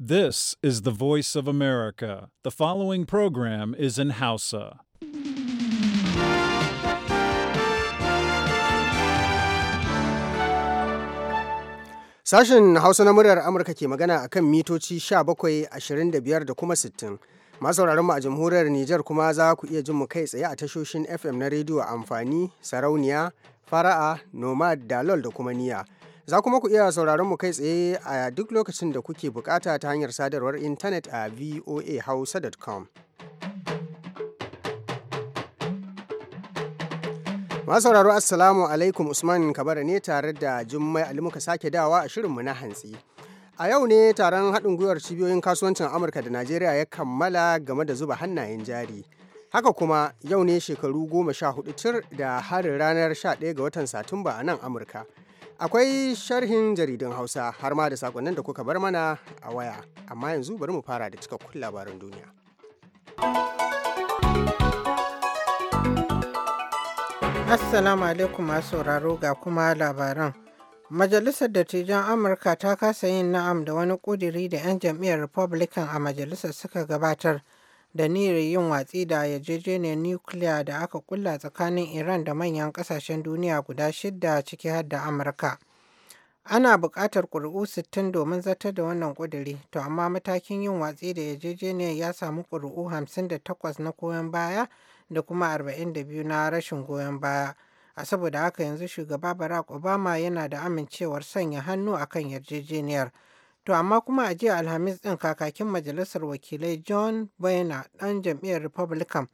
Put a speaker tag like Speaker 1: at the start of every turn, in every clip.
Speaker 1: This is the voice of America. The following program is in Hausa.
Speaker 2: Sashen Hausa na muryar Amurka ke magana a kan mitoci 17, 25 da kuma 60. Masu mu a jamhuriyar Nijar kuma za ku iya jin mu kai tsaye a tashoshin FM na rediyo amfani, sarauniya, fara'a, nomad, dalol da kuma niya. Za kuma ku iya sauraron mu kai tsaye a duk lokacin da kuke bukata ta hanyar sadarwar intanet a voahausa.com. Ma sauraro assalamu alaikum usman kabara ne tare da jummai ali muka sake dawa a shirinmu na hantsi a yau ne taron haɗin gwiwar cibiyoyin kasuwancin amurka da najeriya ya kammala game da zuba hannayen jari haka kuma yau ne shekaru goma sha hudu tur da harin ranar sha ɗaya ga watan satumba a nan amurka Akwai sharhin jaridun Hausa har ma da sakonnin da kuka bar mana a waya, amma yanzu bari mu fara da cikakkun labaran duniya.
Speaker 3: Assalamu alaikum masu sauraro ga kuma labaran. Majalisar Dattijan Amurka ta kasa yin na'am da wani ƙudiri da 'yan jam'iyyar Republican a majalisar suka gabatar da niyyar yin watsi da yarjejeniyar nukiliya da aka kulla tsakanin Iran da manyan kasashen duniya guda shidda ciki har da Amurka. Ana buƙatar ƙuri'u 60 domin zartar da wannan ƙuduri, to amma matakin yin watsi da yarjejeniyar ya samu ƙuri'u 58 na goyon baya da kuma 42 na rashin goyon baya. A saboda haka yanzu shugaba Barack Obama yana da amincewar sanya hannu akan yarjejeniyar. To amma kuma a jiya Alhamis ɗin kakakin Majalisar Wakilai John Boehner ɗan jam'iyyar Republican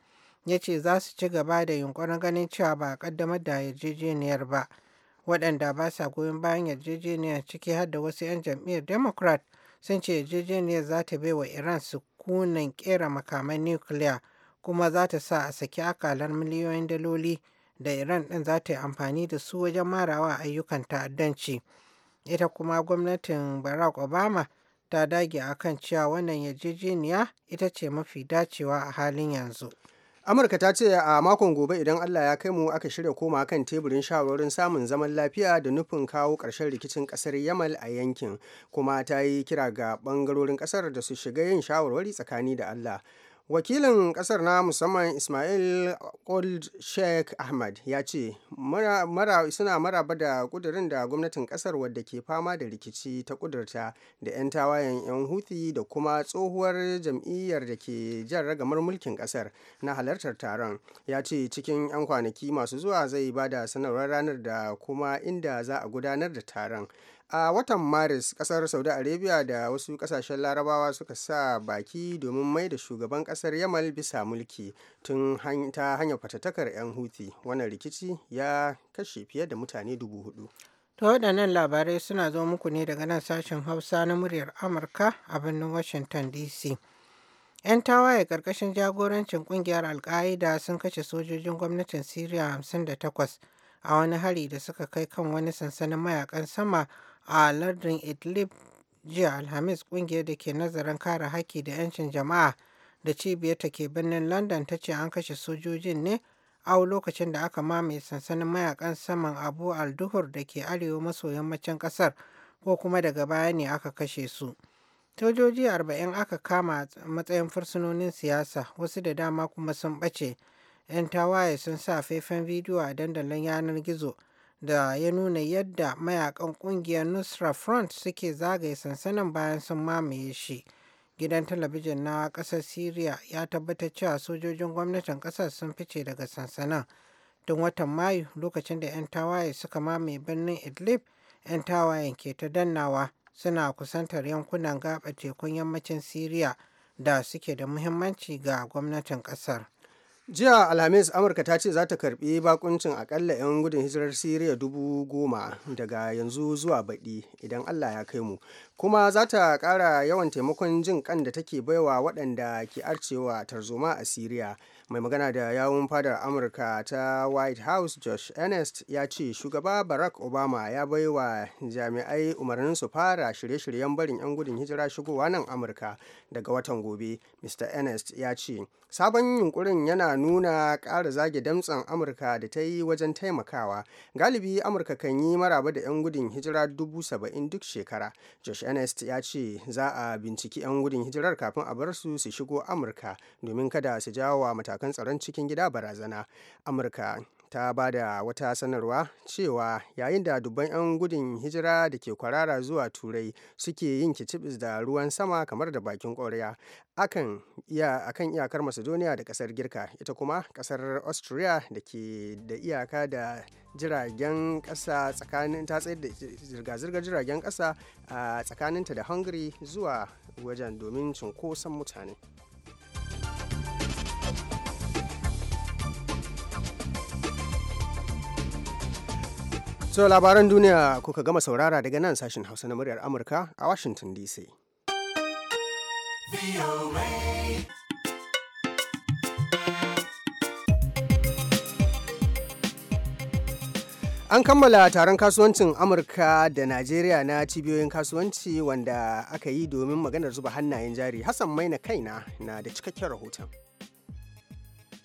Speaker 3: ya ce za su ci gaba da yunkurin ganin cewa ba a ƙaddamar da yarjejeniyar ba. Waɗanda ba sa goyon bayan yarjejeniyar ciki har da wasu 'yan jam'iyyar Democrat sun ce yarjejeniyar za ta bai wa Iran su sukunan ƙera makaman nukiliya kuma za ta sa a saki akalar miliyoyin daloli da Iran ɗin za ta yi amfani da su wajen marawa ayyukan ta'addanci. Ita kuma gwamnatin Barack Obama ta dage a kan cewa wannan yarjejeniya ita ce mafi dacewa a halin yanzu. Amurka
Speaker 2: ta ce a makon gobe idan Allah ya kai mu aka shirya koma kan teburin shawarwarin samun zaman lafiya da nufin kawo ƙarshen rikicin ƙasar Yamal a yankin kuma ta yi kira ga ɓangarorin ƙasar da su shiga yin shawarwari tsakani da Allah. wakilin kasar na musamman ismail old sheikh ahmad ya ce suna maraba da kudurin da gwamnatin kasar wadda ke fama da rikici ta kudurta da 'yan tawayen 'yan huthi da kuma tsohuwar jam'iyyar da ke jan ragamar mulkin kasar na halartar taron ya ce cikin 'yan kwanaki masu zuwa zai bada da sanarwar ranar da kuma inda za a gudanar da taron a watan maris kasar saudi arabia da wasu kasashen larabawa suka sa baki domin mai da shugaban kasar yamal bisa mulki tun ta hanyar fatattakar 'yan huti wannan rikici ya kashe fiye da mutane dubu hudu
Speaker 3: to waɗannan labarai suna zo muku ne daga nan sashen hausa na muryar amurka a birnin washington dc 'yan tawaye karkashin jagorancin ƙungiyar alka'ida sun kashe sojojin gwamnatin syria 58 a wani hari da suka kai kan wani sansanin mayakan sama a lardin idlib jiya alhamis kungiyar da ke nazarin kare haƙƙi da 'yancin jama'a da cibiyarta ke birnin london ta ce an kashe sojojin ne a lokacin da aka mamaye sansanin mayakan saman abu alduhur da ke arewa maso yammacin kasar ko kuma daga baya ne aka kashe su sojoji arba'in aka kama matsayin fursunonin siyasa wasu da dama kuma sun ɓace 'yan tawaye sun sa faifan bidiyo a dandalin yanar gizo da ya nuna yadda mayakan kungiyar Nusra Front suke zagaye sansanin bayan sun mamaye shi. Gidan talabijin na ƙasar Siriya ya tabbatar cewa sojojin gwamnatin ƙasar sun fice daga sansanin. Tun watan Mayu lokacin da 'yan tawaye suka mamaye birnin Idlib, 'yan tawayen ke ta dannawa suna kusantar yankunan gaɓa tekun yammacin Siriya da suke da muhimmanci ga gwamnatin ƙasar.
Speaker 2: jiya alhamis amurka ta ce za ta karbi bakuncin akalla 'yan gudun hijirar siriya dubu goma daga yanzu zuwa baɗi idan allah ya kai mu kuma za ta ƙara yawan taimakon jin kan da take baiwa waɗanda ke arcewa tarzoma a siriya mai magana da yawun fadar amurka ta white house josh ernest ya ce shugaba barack obama ya bai wa jami'ai umarnin su fara shirye-shiryen barin 'yan gudun hijira shigowa nan amurka daga watan gobe mr ernest ya ce sabon yunkurin yana nuna ƙara zage damtsan amurka da ta yi wajen taimakawa galibi amurka kan yi maraba da 'yan gudun hijira dubu saba'in duk shekara josh ernest ya ce za a binciki 'yan gudun hijirar kafin a bar su su shigo amurka domin kada su jawo wa matakan tsaron cikin gida barazana amurka ta ba da wata sanarwa cewa yayin da dubban 'yan gudun hijira da ke kwarara zuwa turai suke yin kicibis da ruwan sama kamar da bakin korea akan iyakar macedonia da kasar girka ita kuma kasar austria da ke da iyaka da jiragen kasa tsakanin ta tsayar da zirga-zirgar jiragen ƙasa a tsakaninta da hungary zuwa wajen domin cunkoson mutane So labaran duniya kuka gama saurara daga nan sashen Hausa na muryar Amurka a Washington DC. An kammala taron kasuwancin Amurka da Najeriya na cibiyoyin kasuwanci wanda aka yi domin maganar zuba hannayen jari. Hassan mai na kaina na da cikakken rahoton.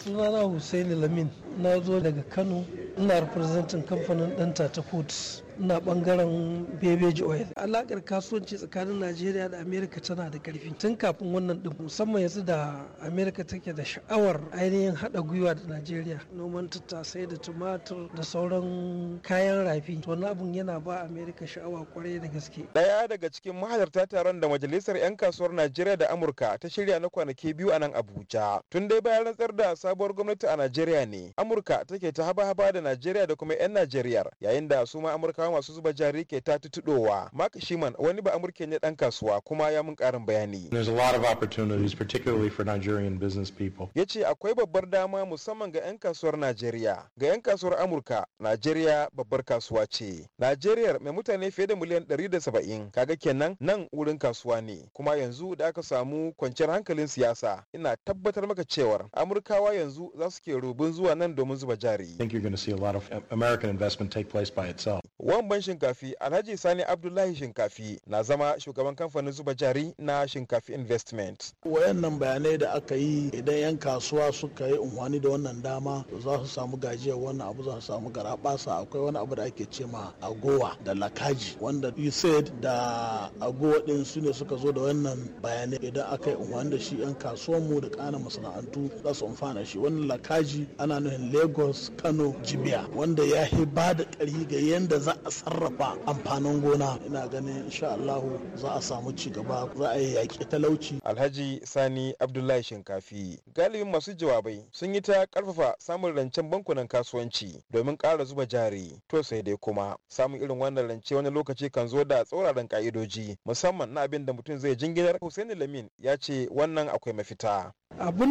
Speaker 4: sunana Hussaini Lamin na zo daga Kano ina representing kamfanin ɗanta ta kotu na bangaren bebeji oil alakar kasuwanci tsakanin najeriya da amerika tana da karfi tun kafin wannan din musamman yanzu da amerika take da sha'awar ainihin hada gwiwa da najeriya noman tattasai da tumatur da sauran kayan rafi to abun yana ba amerika sha'awa kwarai da gaske
Speaker 5: daya daga cikin mahalarta taron da majalisar 'yan kasuwar najeriya da amurka ta shirya na kwanaki biyu a nan abuja tun dai bayan rantsar da sabuwar gwamnati a najeriya ne amurka take ta haba-haba da najeriya da kuma 'yan najeriya yayin da su ma amurka talakawa masu zuba jari ke ta tutuɗowa. Mark Shiman wani ba Amurke ne ɗan kasuwa kuma ya mun ƙarin bayani. There's a lot of opportunities particularly for Nigerian business people. Ya ce akwai babbar dama musamman ga 'yan kasuwar Najeriya. Ga 'yan kasuwar Amurka, Najeriya babbar kasuwa ce. Najeriya mai mutane fiye da miliyan 170 kaga kenan nan wurin kasuwa ne. Kuma yanzu da aka samu kwanciyar hankalin siyasa ina tabbatar maka cewar Amurkawa yanzu za su ke rubin zuwa nan domin zuba jari. I think you're going to investment take place itself. ban Shinkafi Alhaji Sani Abdullahi Shinkafi na zama shugaban kamfanin zuba jari na Shinkafi
Speaker 6: Investment. Wayannan bayanai da aka yi idan 'yan kasuwa suka yi unhwani da wannan dama za su samu gajiyar wannan abu za su samu garabasa akwai wani abu da ake ce ma agowa da lakaji wanda you said da agowa din su ne suka zo da wannan bayanai idan aka yi unhwani da shi 'yan mu da kana masana'antu za su amfana shi wannan lakaji ana nuhin Lagos Kano Jibiya wanda ya ba da ƙarfi ga yanda za A sarrafa amfanin gona ina ganin insha Allahu za a samu ci gaba za a yi yaƙi talauci
Speaker 5: Alhaji Sani Abdullahi Shinkafi galibin masu jawabai sun yi ta karfafa samun rancen bankunan kasuwanci domin ƙara zuba jari to sai dai kuma samun irin wannan rance wani lokaci kan zo da tsauraran ka'idoji musamman na abin da mutum zai jinginar Hussein Lamin ya ce wannan akwai mafita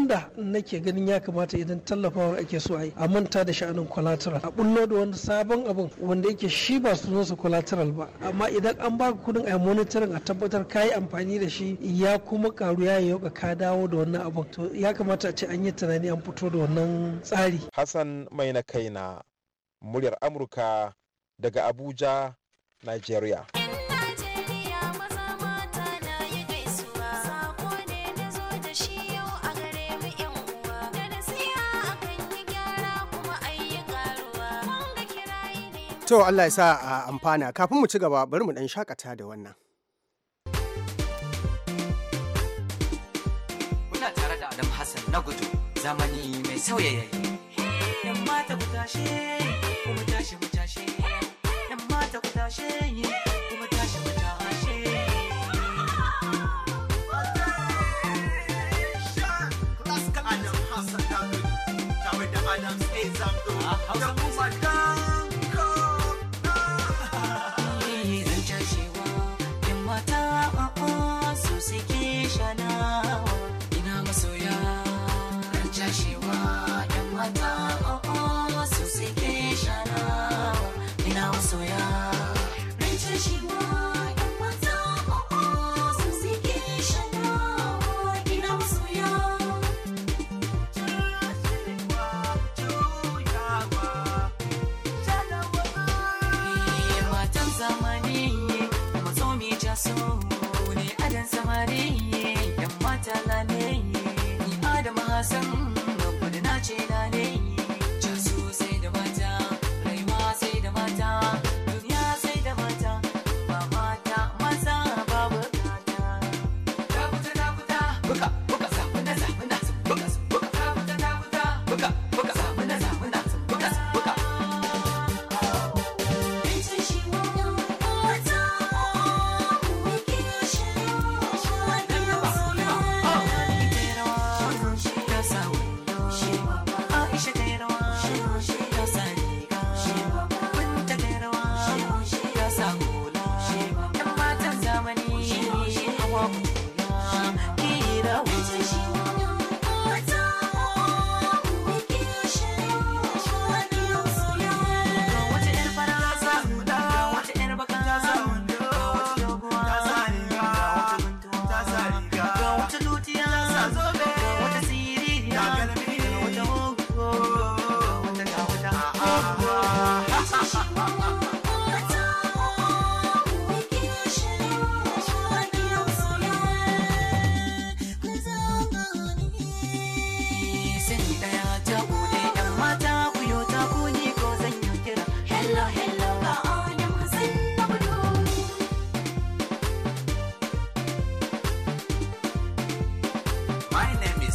Speaker 4: da nake ganin ya kamata idan tallafawa ake so a yi a manta da sha'anin collateral a bullo da wani sabon abin wanda yake shi ba su zo su collateral ba amma idan an baka kudin a monitoring a tabbatar kayi amfani da shi ya kuma karu ya yi ka dawo da wannan abu to ya kamata a ce an yi tunani an fito da wannan
Speaker 5: tsari hassan mai na kaina muryar amurka daga abuja nigeria
Speaker 2: To Allah ya sa a amfana kafin mu ci gaba bari mu dan shakata da wannan.
Speaker 7: Muna tare da Adam Hassan na gudu zamani mai sauya yayi. Yan mata ku tashe, kuma tashi mu tashe. Yan mata ku tashe, kuma tashi mu tashe. Adam Hassan na gudu, tare da Adam Stay Zango, ah, hausa kuma ocean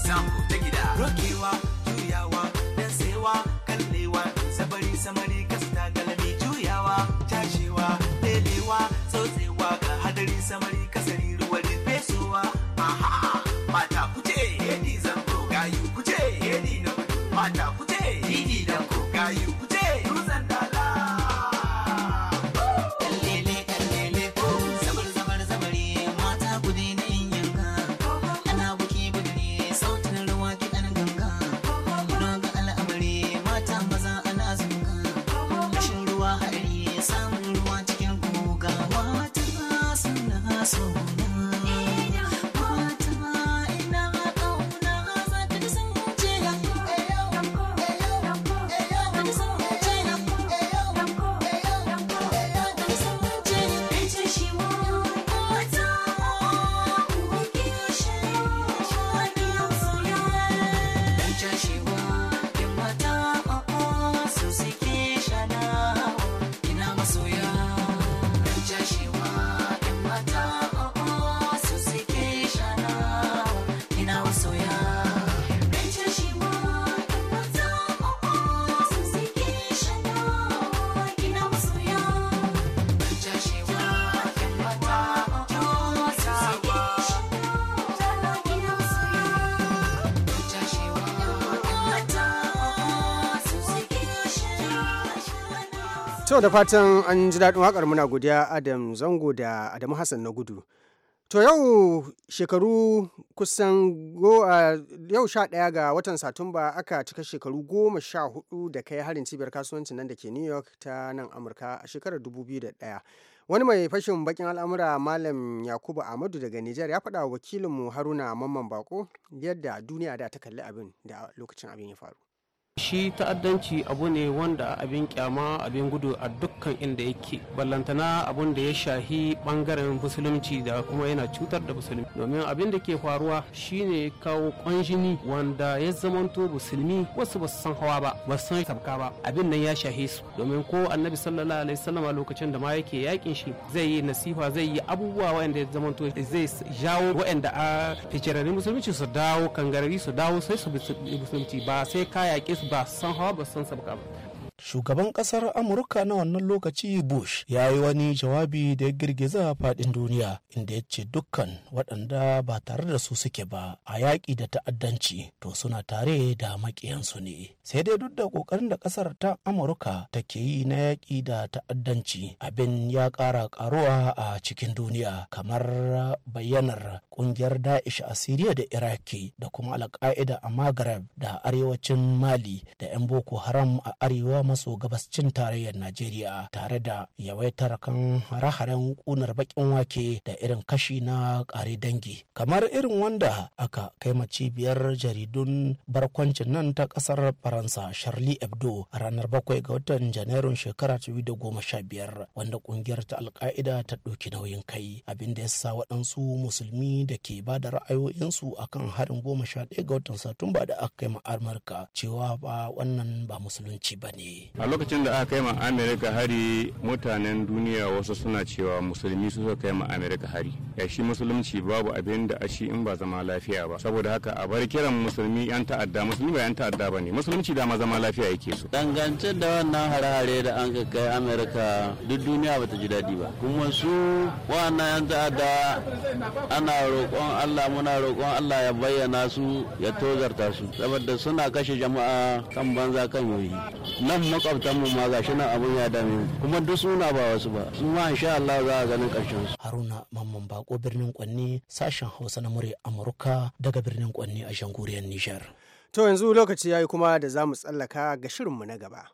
Speaker 7: example, take it out. rookie.
Speaker 2: To da fatan an ji daɗin waƙar muna godiya Adam Zango da Adamu Hassan na gudu. To yau shekaru kusan yau sha ɗaya ga watan Satumba aka cika shekaru goma sha hudu da kai harin cibiyar kasuwancin nan da ke New York ta nan Amurka a shekarar 2001. Wani mai fashin bakin al'amura Malam Yakubu Ahmadu daga Nijar ya faɗa wakilinmu Haruna Mamman Bako yadda duniya da ta kalli abin da lokacin abin ya faru.
Speaker 8: shi ta'addanci abu ne wanda abin kyama abin gudu a dukkan inda yake ballantana abun da ya shahi bangaren musulunci da kuma yana cutar da musulmi domin abin da ke faruwa shine kawo kwanjini wanda ya zamanto musulmi wasu ba san hawa ba ba san sabka ba abin nan ya shahe su domin ko annabi sallallahu alaihi wasallam a lokacin da ma yake yakin shi zai yi nasiha zai yi abubuwa waɗanda ya zamanto zai jawo waɗanda a ficirarin musulunci su dawo kangarari su dawo sai su musulunci ba sai ka yaƙe su da São Roba, São sabocaba. shugaban kasar amurka na wannan lokaci bush ya yi wani jawabi da ya girgiza fadin duniya inda ya ce dukkan waɗanda ba tare da su suke ba a yaƙi da ta'addanci to suna tare da maƙiyansu ne sai dai duk da ƙoƙarin da ƙasar ta amurka take yi na yaƙi da ta'addanci abin ya ƙara ƙaruwa a cikin duniya kamar bayyanar ƙungiyar da'ish a siriya da iraki da kuma alƙa'ida a Magreb da arewacin mali da 'yan boko haram a arewa maso gabascin tarayyar najeriya tare da yawaitar kan hare-haren kunar bakin wake da irin kashi na ƙare dangi kamar irin wanda aka kai cibiyar jaridun barkwancin nan ta ƙasar faransa charlie hebdo ranar bakwai ga watan janairun shekara sha biyar, wanda ƙungiyar ta alka'ida ta ɗauki nauyin kai abin da ya sa waɗansu musulmi da ke ba da ra'ayoyinsu a kan harin goma sha ɗaya ga watan satumba da aka kai ma amurka cewa ba wannan ba musulunci ba ne
Speaker 2: a lokacin da aka kai ma amerika hari mutanen duniya wasu suna cewa musulmi su suka kai ma amerika hari ya shi musulunci babu abin da ashi in
Speaker 9: ba zama lafiya ba saboda haka a bar kiran musulmi yan ta'adda musulmi ba yan ta'adda ba ne musulunci dama zama lafiya yake so
Speaker 6: dangance da wannan hare-hare da an kai amerika duk duniya bata ji daɗi ba kuma su wannan yan ta'adda ana roƙon allah muna roƙon allah ya bayyana su ya tozarta su saboda suna kashe jama'a kan banza kan yoyi nan makwabtanmu ma gashi nan abun ya dame kuma duk suna ba wasu ba su ma insha Allah za a ganin karshen su
Speaker 8: Haruna Mamman Bako birnin Kwanni sashen Hausa na murya Amurka daga birnin Kwanni a Shanguriyar Nijar
Speaker 2: To yanzu lokaci yayi kuma da za mu tsallaka ga shirinmu na gaba.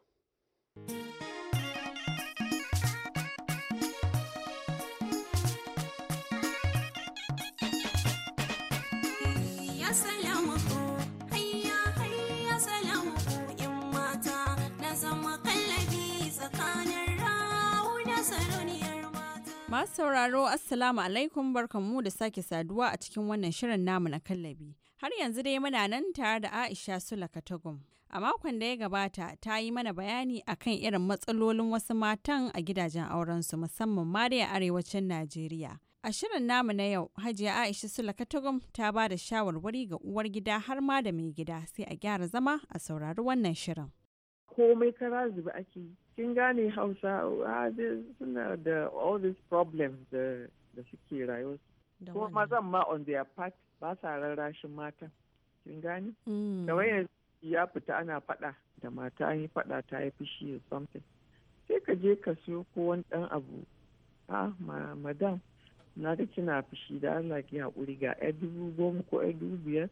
Speaker 10: Masu sauraro Assalamu alaikum barkanmu da sake saduwa a cikin wannan shirin namu na kallabi. Har yanzu dai muna nan tare da Aisha Sula Katagum. A makon da ya gabata ta yi mana bayani akan irin matsalolin wasu matan a gidajen aurensu musamman ma dai a arewacin Najeriya. A shirin namu na yau, Hajiya Aisha Sula Katagum ta ba da shawarwari ga uwar gida har ma da mai gida sai a gyara zama a saurari wannan shirin.
Speaker 11: Komai ka ake yi. kin gane Hausa? hausawa ah, suna da all these problems da suke rayuwa ko mazan ma on their part ba sa rarrashin mata. kin gane
Speaker 4: hmm. da wayan
Speaker 11: ya fita ana fada da mata an yi fada ta yi fushi or something sai ka je ka siyo ko wani dan abu ah madam na ga kina fushi da Allah ki ga 'yar dubu goma ko 'yar dubu biyar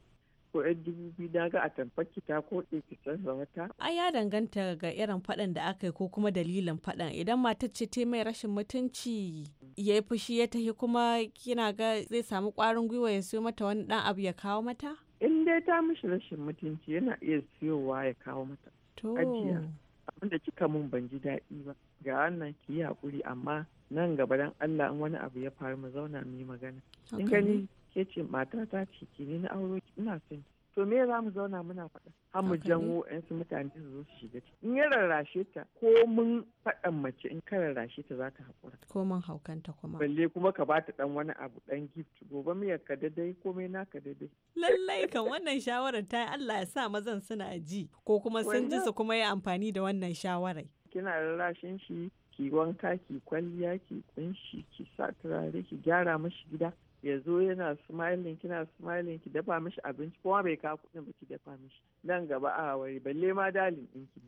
Speaker 11: ko yan dubu biyu na ga a tamfaki ta ko ki canza wata.
Speaker 10: A ya danganta ga irin faɗan da aka yi ko kuma dalilin faɗan idan matar ce ta mai rashin mutunci ya yi fushi ya tafi kuma kina ga zai samu ƙwarin gwiwa ya siyo mata wani ɗan abu ya kawo mata?
Speaker 11: In dai ta mishi rashin mutunci yana iya siyowa ya kawo mata. To. Ajiya. Abinda kika mun ban ji daɗi ba. Ga wannan ki yi haƙuri amma nan gaba dan Allah in wani abu ya faru mu zauna mu yi magana. In gani ke ce matata ce ki ne na auro ina son to me za mu zauna muna faɗa har mu janwo ɗan su mutane su zo su shiga ciki in ya rarrashe ta ko mun faɗan mace in ka rarrashe ta za ta haƙura
Speaker 10: ko mun haukanta
Speaker 11: kuma balle kuma ka ba ta ɗan wani abu ɗan gift gobe miyar ka daidai komai
Speaker 10: ka daidai lallai kan wannan shawarar ta yi Allah ya sa mazan suna ji ko kuma sun ji su kuma yi amfani da wannan shawarar kina rarrashin shi ki wanka ki kwalliya
Speaker 11: ki kunshi ki sa turare ki gyara mashi gida ya zo yana smiling kina smiling ki dafa mishi abinci kuma bai ka kudin ba ki dafa mishi nan gaba a wari balle ma dalin ɗin ki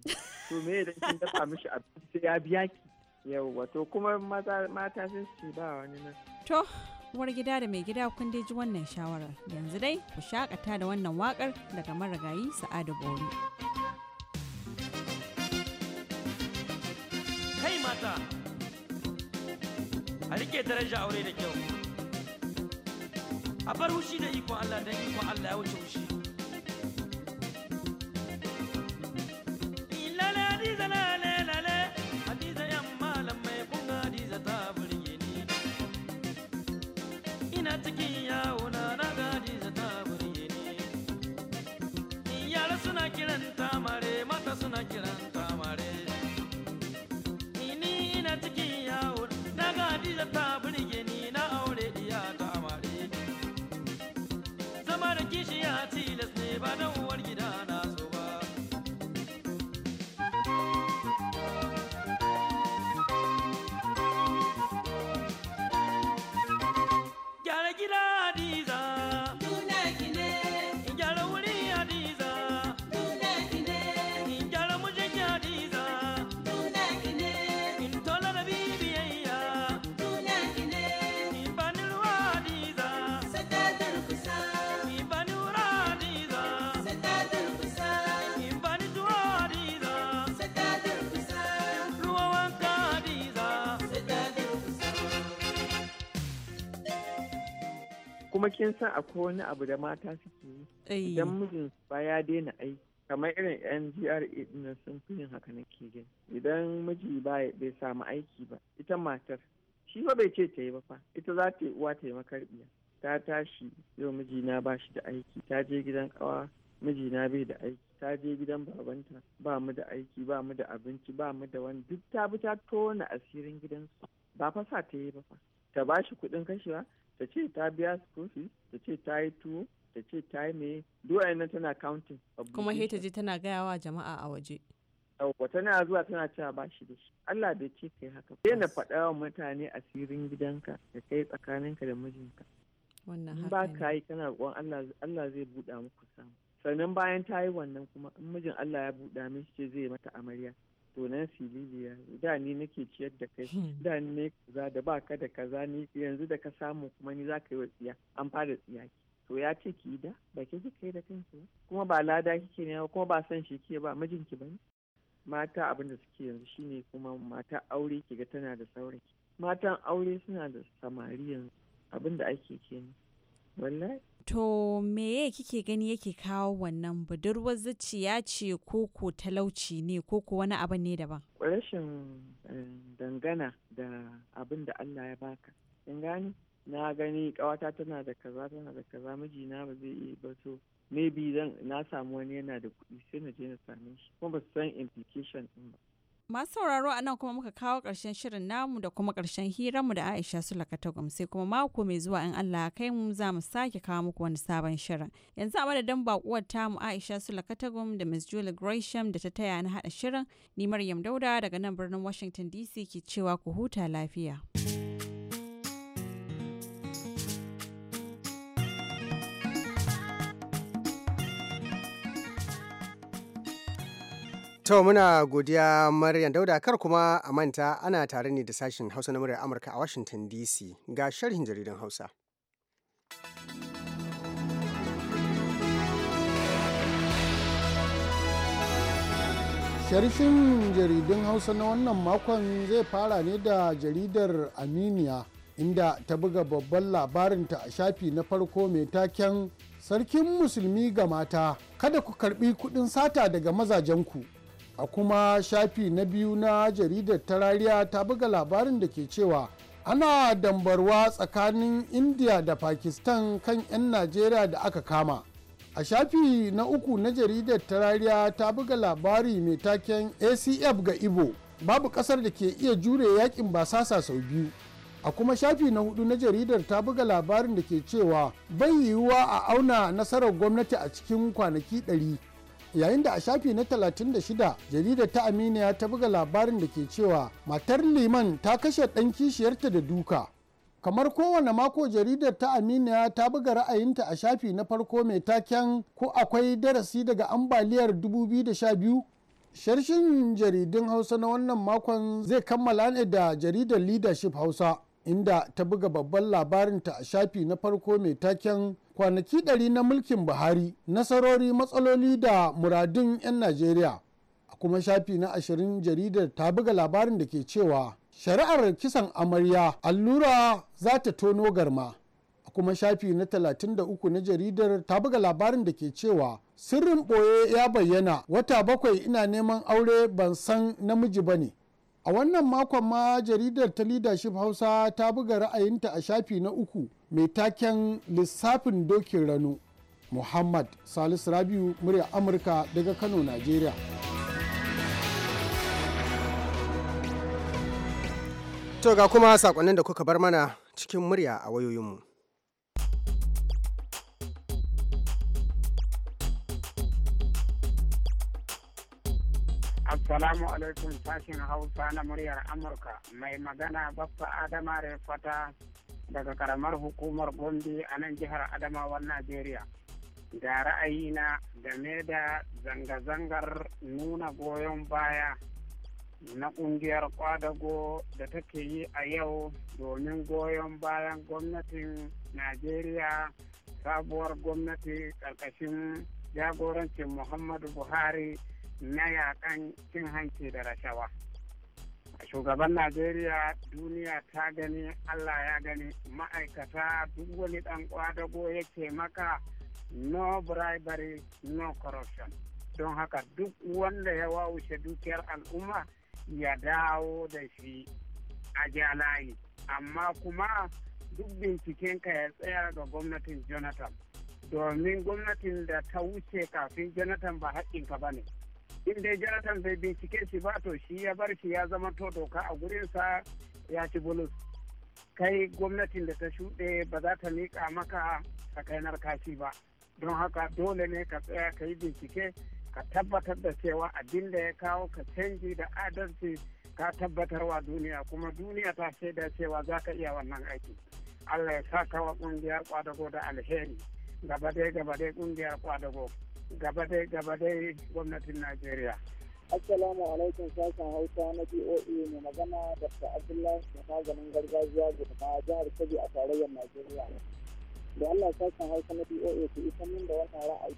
Speaker 11: to me idan kin dafa mishi abinci sai ya biya ki yawwa to kuma mata sun ci ba wani nan
Speaker 10: to uwar gida da mai gida kun dai ji wannan shawarar yanzu dai ku shakata da wannan wakar daga marigayi sa'adu bori
Speaker 7: kai mata a rike daraja aure da kyau a bar wushi da iko Allah dan iko Allah ya wuce wushi
Speaker 11: kuma kin san akwai wani abu da mata suke yi idan mijin ba ya daina aiki kamar irin yan gra din sun fi yin haka nake gani idan miji ba bai samu aiki ba ita matar shi ba bai ce ta yi ba fa ita za ta yi uwa ta yi makarbiya ta tashi yau mijina ba shi da aiki ta je gidan kawa mijina bai da aiki ta je gidan babanta ba mu da aiki ba mu da abinci ba mu da wani duk ta bi ta tona asirin gidansu ba fa sa ta yi ba fa ta ba shi kuɗin kashewa ta ce ta biya su fees ta ce ta yi tuwo ta ce ta yi me duwaye nan tana counting kuma sai ta je
Speaker 10: tana gaya wa jama'a a
Speaker 11: waje yawwa tana zuwa tana cewa ba shi da shi Allah bai ce kai haka ba na faɗa wa mutane asirin gidanka da kai tsakaninka da mijinka
Speaker 7: wannan haka ba
Speaker 11: ka yi kana roƙon Allah Allah zai buɗa muku samu sannan bayan ta yi wannan kuma in mijin Allah ya buɗa mishi ce zai mata amarya to nan sililiya da ni nake ciyar da kai hmm. da ni ne kaza da baka da kaza ni yanzu da ka samu kuma ni za ka yi wa tsiya an fara tsiya to ya ce ki da ba ke kika kai da kanki kuma ba lada kike ne kuma ba san shi ke ba mijinki ba mata abin da suke yanzu shine kuma mata aure ki ga tana da saurayi matan aure suna da samari yanzu abin da ake kenan wallahi
Speaker 10: To meye kike gani yake kawo wannan budurwar zuciya ce ko talauci ne ko ko wani abu ne daban?
Speaker 11: Rashin eh, dangana da abin da Allah ya baka. In gani? Na gani ƙawata tana da kaza tana da kaza mijina ba zai iya ba so maybe na samu wani yana da kuɗi sai na je na same shi kuma ba su san implication ɗin ba.
Speaker 10: Masu sauraro a nan kuma muka kawo ƙarshen shirin namu da kuma ƙarshen hiranmu da Aisha Sulaka ta sai kuma mako mai zuwa in Allah kai mu za mu sake kawo muku wani sabon shirin. Yanzu a madadin bakuwar tamu Aisha Sulaka ta da Ms. Julie Gresham da ta taya na haɗa shirin, ni Maryam Dauda daga nan birnin Washington DC ke cewa ku huta lafiya.
Speaker 2: To muna godiya Maryam Dauda kar kuma a manta ana tare ne da sashen Hausa na muryar Amurka a Washington DC ga sharhin jaridan Hausa.
Speaker 6: sharhin jaridan Hausa na wannan makon zai fara ne da jaridar Aminiya inda ta buga babban labarinta a shafi na farko mai taken Sarkin Musulmi ga mata, kada ku karbi kudin sata daga mazajenku. a kuma shafi na biyu na jaridar tarariya ta buga labarin da ke cewa ana dambarwa tsakanin india da pakistan kan 'yan najeriya da aka kama a shafi na uku na jaridar tarariya ta buga labari mai taken acf ga ibo babu kasar da ke iya jure yakin basasa sau biyu a kuma shafi na hudu na jaridar ta buga labarin da ke cewa bai yiwuwa a auna nasarar gwamnati a cikin kwanaki ɗari. yayin da a shafi na 36 jaridar ta aminiya ta buga labarin da ke cewa matar liman ta kashe ɗan kishiyarta da duka kamar kowane mako jaridar ta aminiya ta buga ra'ayinta a shafi na farko mai taken ko akwai darasi daga ambaliyar 2012 sharshin jaridun hausa na wannan makon zai kammala ne da jaridar leadership hausa inda ta buga babban labarinta a shafi na farko mai taken kwanaki ɗari na mulkin buhari nasarori matsaloli da muradun 'yan najeriya a kuma shafi na ashirin jaridar ta buga labarin da ke cewa shari'ar kisan amarya allura za ta tono garma a kuma shafi na 33 na jaridar ta buga labarin da ke cewa sirrin ɓoye ya bayyana wata bakwai ina neman aure ban san namiji ba ne a wannan makon ma jaridar ta leadership hausa ta buga ra'ayinta a shafi na uku mai taken lissafin dokin rano muhammad salisu rabiu murya amurka daga kano nigeria to ga kuma
Speaker 2: sakonnin da kuka bar mana cikin murya a wayoyinmu
Speaker 9: Assalamu alaikum sashen Hausa na muryar Amurka mai magana Baffa Adama fata daga karamar hukumar Gombe a nan jihar Adamawan Najeriya. da ra'ayina game da zanga-zangar nuna goyon baya na ƙungiyar kwadago da take yi a yau domin goyon bayan gwamnatin Najeriya sabuwar gwamnati ƙarƙashin jagorancin Muhammadu Buhari. na yakan cin hanci da rashawa
Speaker 11: shugaban najeriya
Speaker 9: duniya ta gani allah ya gani ma'aikata duk wani dan ya yake maka no bribery no corruption don haka duk wanda ya wawushe dukiyar al'umma ya dawo da shi a jalayi amma kuma duk bincikenka ya tsaya ga gwamnatin jonathan domin gwamnatin da ta wuce kafin jonathan ba haƙƙinka ba ne in dai jaratan zai bincike shi ba to shi ya bar shi ya zama to doka a sa ya ci bulus kai gwamnatin da ta shuɗe ba za ta miƙa maka ka kai narkashi ba don haka dole ne ka tsaya ka yi bincike ka tabbatar da cewa abin da ya kawo ka canji da adalci ka tabbatar wa duniya kuma duniya ta shaida cewa za ka iya wannan aiki allah ya sa kawa ƙungiyar kwadago da alheri gaba dai gaba dai ƙungiyar kwadago gabaɗe dai gwamnatin najeriya
Speaker 1: assalamu alaikum sashen hausa na boe mai magana dr abdullahi maganin gargajiya gudunma jihar kebbi a tarayyar najeriya da allah sashen hausa na boe ku isa min da wata ra'ayi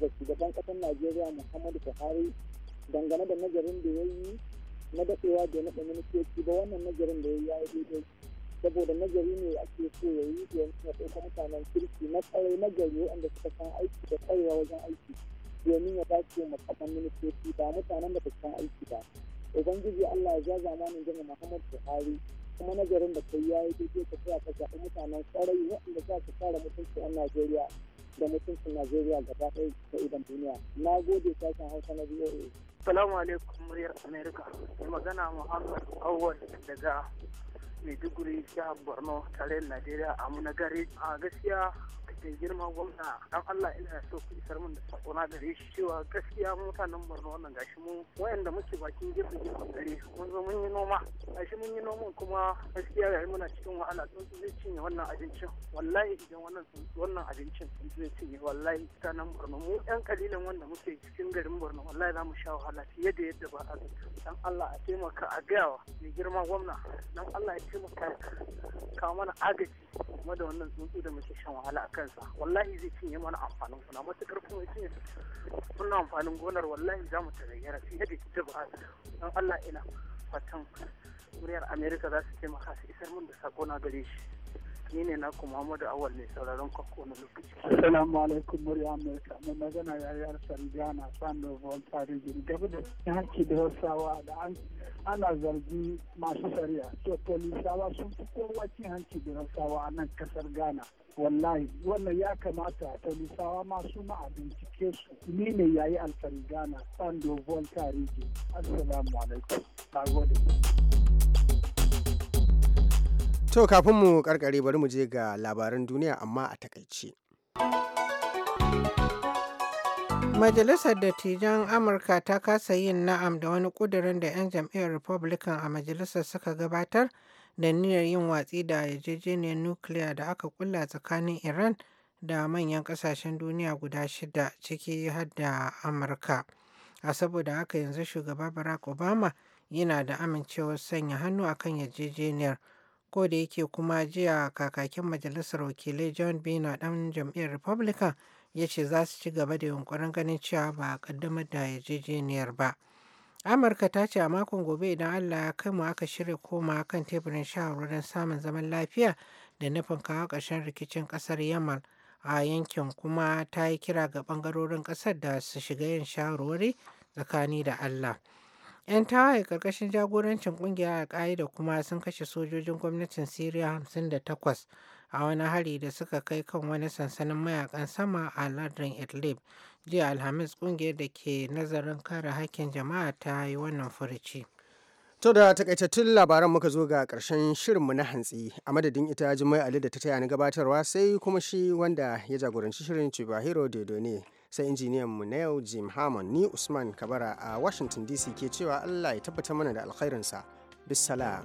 Speaker 1: da shugaban ƙasar najeriya muhammadu buhari dangane da nazarin da ya yi na daɗewa da naɗa ministoci ba wannan nazarin da ya yi daidai saboda nagari ne ake so ya yi yanzu ya ɗauka mutanen kirki na tsare nagari waɗanda suka san aiki da tsarewa wajen aiki domin ya dace mu tsakan ministoci ba mutanen da suka san aiki ba ubangiji allah ya ma zamanin jami'a muhammad buhari kuma nagarin da kai ya yi daidai ka tsaya ka zaɓi mutanen tsarai waɗanda za su kare mutuncin 'yan najeriya da mutuncin najeriya gaba ɗaya ta idan duniya na gode sashen hausa na voa salamu alaikum muryar america magana muhammad awwal daga maiduguri jihar borno tarayyar najeriya a munagari a gaskiya mai girma gwamna dan Allah ina so ku isar min da sakona gare shi cewa gaskiya mutanen Borno wannan gashi mu wayanda muke bakin girbi gari mun zo mun yi noma gashi mun yi noman kuma gaskiya ga muna cikin wahala tsuntsu zai cinye wannan abincin wallahi idan wannan wannan abincin tsuntsu zai cinye wallahi mutanen Borno mu yan kalilan wanda muke cikin garin Borno wallahi za mu sha wahala fiye da yadda ba a dan Allah a taimaka a gayawa mai girma gwamna dan Allah ya taimaka kawo mana agaji game da wannan tsuntsu da muke shan wahala akan kansa wallahi zai cinye mana amfanin gona matuƙar kuma ya cinye suna amfanin gonar wallahi za mu tagayyara fiye da ita ba don Allah ina fatan muryar Amerika za su taimaka su isar mun da sako na gare shi. ni ne na kuma Muhammadu Awal ne sauraron kwakwa na lokaci. Assalamu alaikum murya Amurka mai magana yayar Sarjana Sando Volta Rigin gaba da yaki da Hausawa da ana zargi masu shari'a. To polisawa sun fi kowa cin hanci da Hausawa a nan kasar Ghana. wallahi wannan ya kamata talisawa masu ma a bincike su ni ne yayi alfarigana sando
Speaker 2: volta region assalamu alaikum na gode To kafin mu karkare bari mu je ga labaran duniya amma a takaice.
Speaker 3: Majalisar Dattijan Amurka ta kasa yin na'am da wani ƙudirin da 'yan jam'iyyar Republican a majalisar suka gabatar da niyyar yin watsi da yarjejeniyar nukiliya da aka kulla tsakanin Iran da manyan kasashen duniya guda shida ciki har da Amurka. A saboda haka yanzu shugaba Barack Obama yana da amincewar sanya hannu akan yarjejeniyar. ko da yake kuma jiya kakakin majalisar wakilai john bina dan jam'iyyar republican ya ce za su ci gaba da yunkurin ganin cewa ba a kaddamar da yarjejeniyar ba amurka ta ce a makon gobe idan allah ya kai mu aka shirya koma kan teburin shawarwarin samun zaman lafiya da nufin kawo ƙarshen rikicin ƙasar yamal a yankin kuma ta yi kira ga ɓangarorin ƙasar da su shiga yin shawarwari tsakani da allah 'Yan tawaye ƙarƙashin jagorancin ƙungiyar Al-Qaida kuma sun kashe sojojin gwamnatin Siriya 58 a wani hari da suka kai kan wani sansanin mayakan sama a lardin Idlib. Jiya Alhamis ƙungiyar da ke nazarin kare hakkin jama'a ta yi wannan furuci.
Speaker 2: To da takaitattun labaran muka zo ga shirin shirinmu na hantsi a madadin ita jima'i Ali da ta taya ni gabatarwa sai kuma shi wanda ya jagoranci shirin cibahiro Dedo ne. sai injiniyan mu na yau jim hammond ni usman kabara a washington dc ke cewa allah ya tabbata mana da alkhairinsa bisalam